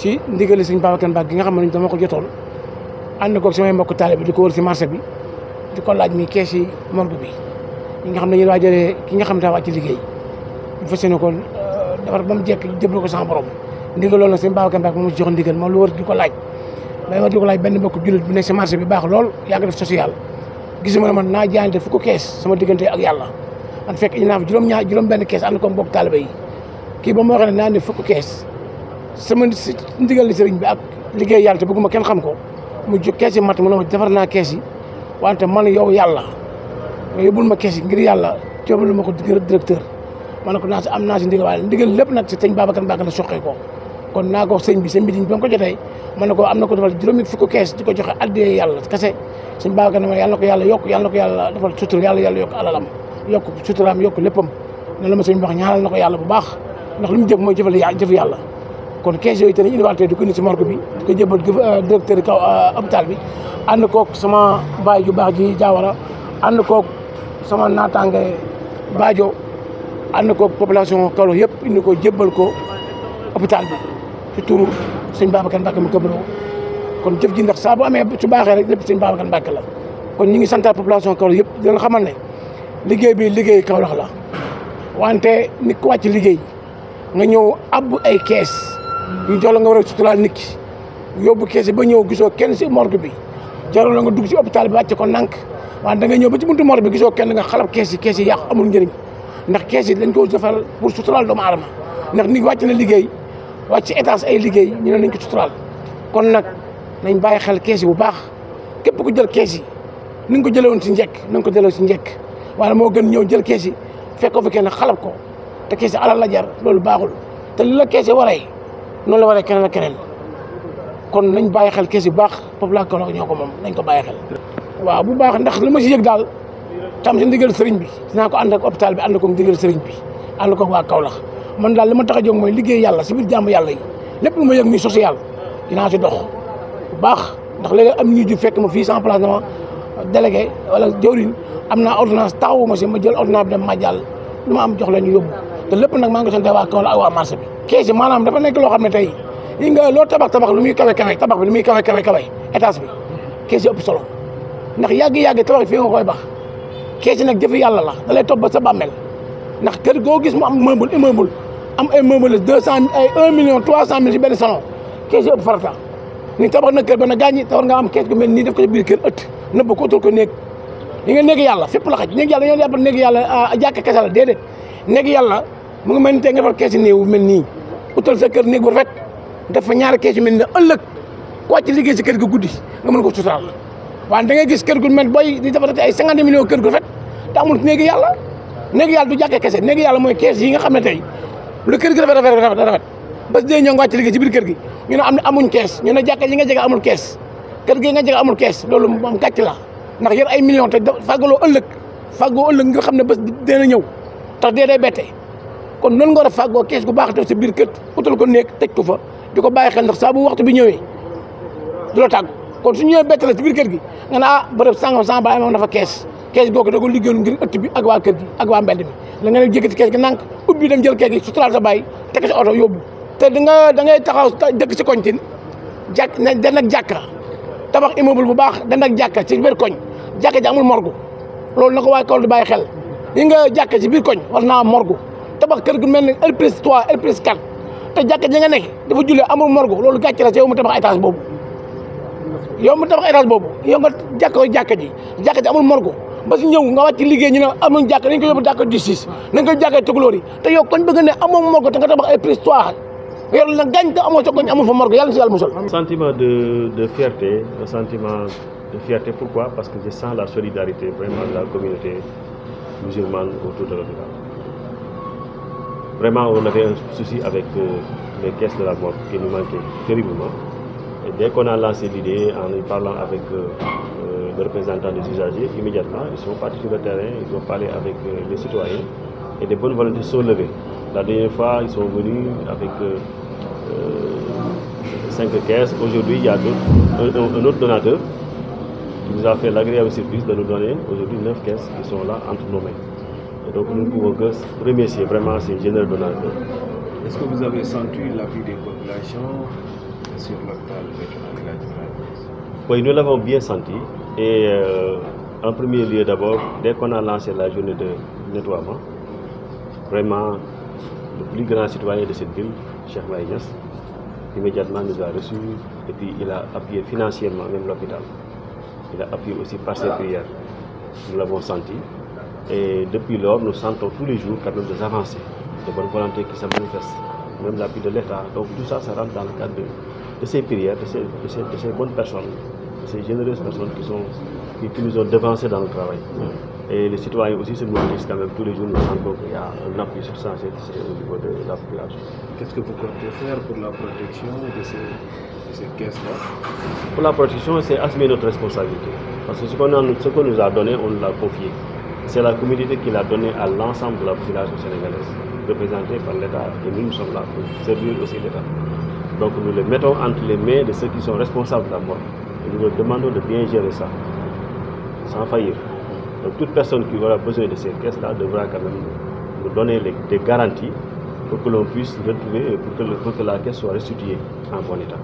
si ndigali sëñ Babacar Mbacke gi nga xam dama ko jotoon and ko sama mbokk talib diko ko ci marché bi diko laaj mi kessi yi bi ñi nga xam ne dañuy ki nga xam ne wacc liggey bu fassene ko euh, defar ba mu jekk jëblu ko sama borom ndigal lol nag sëñ Babacar Mbacke moom jox ndigal mo lu wër di laaj may wor diko laaj benn mbokk julit bu nekk ci marché bi bax lol ya nga def social gisuma ne man na jaante fuko kess sama diggante ak yalla man fekk ñu naa juroom juróom ñaar juróom benn kees ànd ko mbokk talib yi ki ba mo waxee na ni fuko kess sama ndigal li sëriñ bi ak liggéey yàlla te bëgguma kenn xam ko mu jóg kees yi mat mu ne ma defar naa kees yi wante man yow yàlla nga yóbbul ma yi ngir yàlla coobal ma ko directeur ma ne ko naa si am naa si ndigal waaye ndigal lépp nag si sëñ Babacar Mbacké la soqee ko kon naa ko ne ko am na ko defal juróomi fukki kees di ko joxe addee yàlla kese sëñ Babacar ne yokk yàlla na ko yàlla defal sutura yàlla yàlla yokk alalam yokk suturaam yokk léppam ne ko yàlla bu baax ndax lu mu jëf mooy jëfal jëf yàlla kon kesso yooyu te dañu indiwaat tey ko ni ci morgue bi ko jëbël euh, directeur kaw euh, hôpital bi and ko sama baay ju baax ji jawara and ko sama naataange baajo and ko population kaw yépp indi ko jëbël ko hôpital bi ci turu sëñ Babacar bakam ko bëro kon jëf ji ndax sa bu amé ci baaxee rek lépp sëñ Babacar Mbacke la kon ñi ngi santal population kaw yépp di xamal né liggéey bi liggéey kaw la wanté nit ko wacc liggéey nga ñew abbu ay caisse yu jox la nga wara a suturaal nit ki yóbbu kessé ba ñew gisoo kenn ci morgue bi jarul la nga dugg ci hôpital bi wàcce ko nank waaye da nga ñëw ba ci buntu morgue bi gisoo kenn nga xalab kees yi kees yi yàqu amul njëriñ ndax kees yi dañ ko defal pour suturaal doomu aadama ndax nit wàcc na liggéey wàcc étage ay liggéey ñu ne nañ ko suturaal kon nag nañ bàyyi xel kees yi bu baax képp ku jël kees yi ni nga ko jëlee ci si njëkk na nga ko jëlee si njëkk waaye moo gën ñëw jël kees yi fekk ko fi kenn xalab ko te kees yi alal la jar loolu baaxul te li la kees yi waree noonu la waree keneen ak keneen kon nañ bàyyi xel kees yu baax Popenguine Kaolack ñoo ko moom nañ ko bàyyi xel. waaw bu baax ndax li ma si yëg daal tam si ndigal sëriñ bi dinaa ko ànd ak hôpital bi ànd ko ndigal sëriñ bi ànd ko waa Kaolack man daal li ma tax a jóg mooy liggéey yàlla si biir jaamu yàlla yi lépp lu ma yëg nii social dinaa si dox bu baax ndax léegi am ñu ju fekk ma fii sans placement délégué wala jawriñ am ordonnance taxawu ma ma jël ordonnance dem ma jàll lu am jox la ñu yóbbu te lépp nag maa ngi sante waa Kaolack ak marché bi kees yi maanaam dafa nekk loo xam ne tey yi nga loo tabax tabax lu muy kawe kawe tabax bi lu solo ndax yàgg-yàgg tabax fii nga bax kees nag jëfi yàlla la da lay topp ba sa bàmmeel ndax kër goo gis mu am meuble immeuble am ay ay un cent mille ci benn salon kees yi ëpp farata ni tabax na kër ba na gaañi te war nga am kees gu mel nii def ko ci biir kër ëtt nëbb ko utul néeg yi nga néeg yàlla fépp la xaj néeg yàlla ñoo jàpp néeg yàlla ah, jàkk kese la déedéet néeg yàlla mu ngi mel ni tey nga far kees yi mel nii utal sa kër néeg bu rafet fa ñaari kees yu mel ne ëllëg ku wàcc liggéey si kër gi guddi nga mën ko sutaal waaye da ngay gis kër booy di defarati ay cinquante millions kër gu rafet te amul néegi yàlla néegi yàlla du jàkkee kese yàlla mooy kees yi nga xam ne tey lu kër gi rafet rafet rafet bés dee ñoo nga wàcc liggéey si biir kër gi ñu ne am ne amuñ kees ñu ne jàkka yi nga jege amul kees kër nga jege amul kees loolu moom gàcc la ndax yor ay millions te fàggaloo ëllëg fàggoo ëllëg nga xam ne bés dina ñëw tax dee day bette kon non nga war a fàggoo gu bax def ci bir keut utal ko nek teg ko fa di baye xel ndax sa bu waxtu bi ñewé dula tag kon su ñewé bett ci bir keur gi nga na ah sangam sang baye mo na fa kess kess googu da ko liggéeyoon ngir ëtt bi ak wa keur gi ak wa mbedd bi la nga ne jëkkati kess gi nank ubbi dem jël kees gi suturaal sa baye tek ci auto yobbu te da nga da ngay taxaw dëkk ci koñtin tin na den ak jakka tabax immeuble bu baax den ak jakka ci bir koñ jakka jamul morgu lolou nako way ko waaye di xel yi nga jakka ci bir koñ war na morgu tabax kër gu mel ni R plus 3 R plus 4 te jakk ji nga nek dafa jullee amul morgo lolou gatch la ci yow mu tabax étage bobu yow mu tabax étage bobu yow nga jàkko jakk ji jakk ji amul morgo ba ci ñew nga wacc liggéey ñu ne amuñ jàkka dañ ko dakk jàkka 6 na nga jakk tukulóor yi te yow kon bëgg ne amul morgo te nga tabax R plus 3 yow la gàñ te amul sa amul fa morgo yalla ci yalla musul sentiment de de fierté sentiment de fierté pourquoi parce que je sens la solidarité vraiment de la communauté musulmane autour de l'hôpital Vraiment, on avait un souci avec euh, les caisses de la boîte qui nous manquaient terriblement. dès qu'on a lancé l'idée en parlant avec euh, euh, les représentants des usagers, immédiatement, ils sont partis sur le terrain, ils ont parlé avec les citoyens et des bonnes volontés sont levées. La dernière fois, ils sont venus avec cinq caisses. Aujourd'hui, il y a un, autre donateur qui nous a fait l'agréable service de nous donner aujourd'hui neuf caisses qui sont là entre nos mains. Et donc nous ne pouvons que remercier vraiment ces généreux donateurs. Est-ce que vous avez senti l'appui des populations sur l'hôpital Oui, nous l'avons bien senti. Et euh, en premier lieu d'abord, dès qu'on a lancé la journée de nettoiement, vraiment le plus grand citoyen de cette ville, Cheikh Maïgas, immédiatement nous a reçus et puis il a appuyé financièrement même l'hôpital. Il a appuyé aussi par ses prières. Nous l'avons senti. Et depuis lors, nous sentons tous les jours quand même des avancées, de bonnes volontés qui se manifestent, même l'appui de l'État. Donc tout ça, ça rentre dans le cadre de, ces prières, de ces, bonnes personnes, de ces généreuses personnes qui, nous ont devancés dans le travail. Et les citoyens aussi se mobilisent quand même tous les jours, nous sentons qu'il y a un appui substantiel au niveau de la population. Qu'est-ce que vous comptez faire pour la protection de ces, caisses-là Pour la protection, c'est assumer notre responsabilité. Parce que ce qu'on nous a donné, on l'a confié. C'est la communauté qui l'a donné à l'ensemble de la population sénégalaise, représentée par l'État, et nous, nous sommes là pour servir aussi l'État. Donc nous le mettons entre les mains de ceux qui sont responsables de la mort. Et nous leur demandons de bien gérer ça, sans faillir. Donc toute personne qui aura besoin de ces caisses-là devra quand même nous donner des garanties pour que l'on puisse retrouver, pour que, pour que la caisse soit restituée en bon état.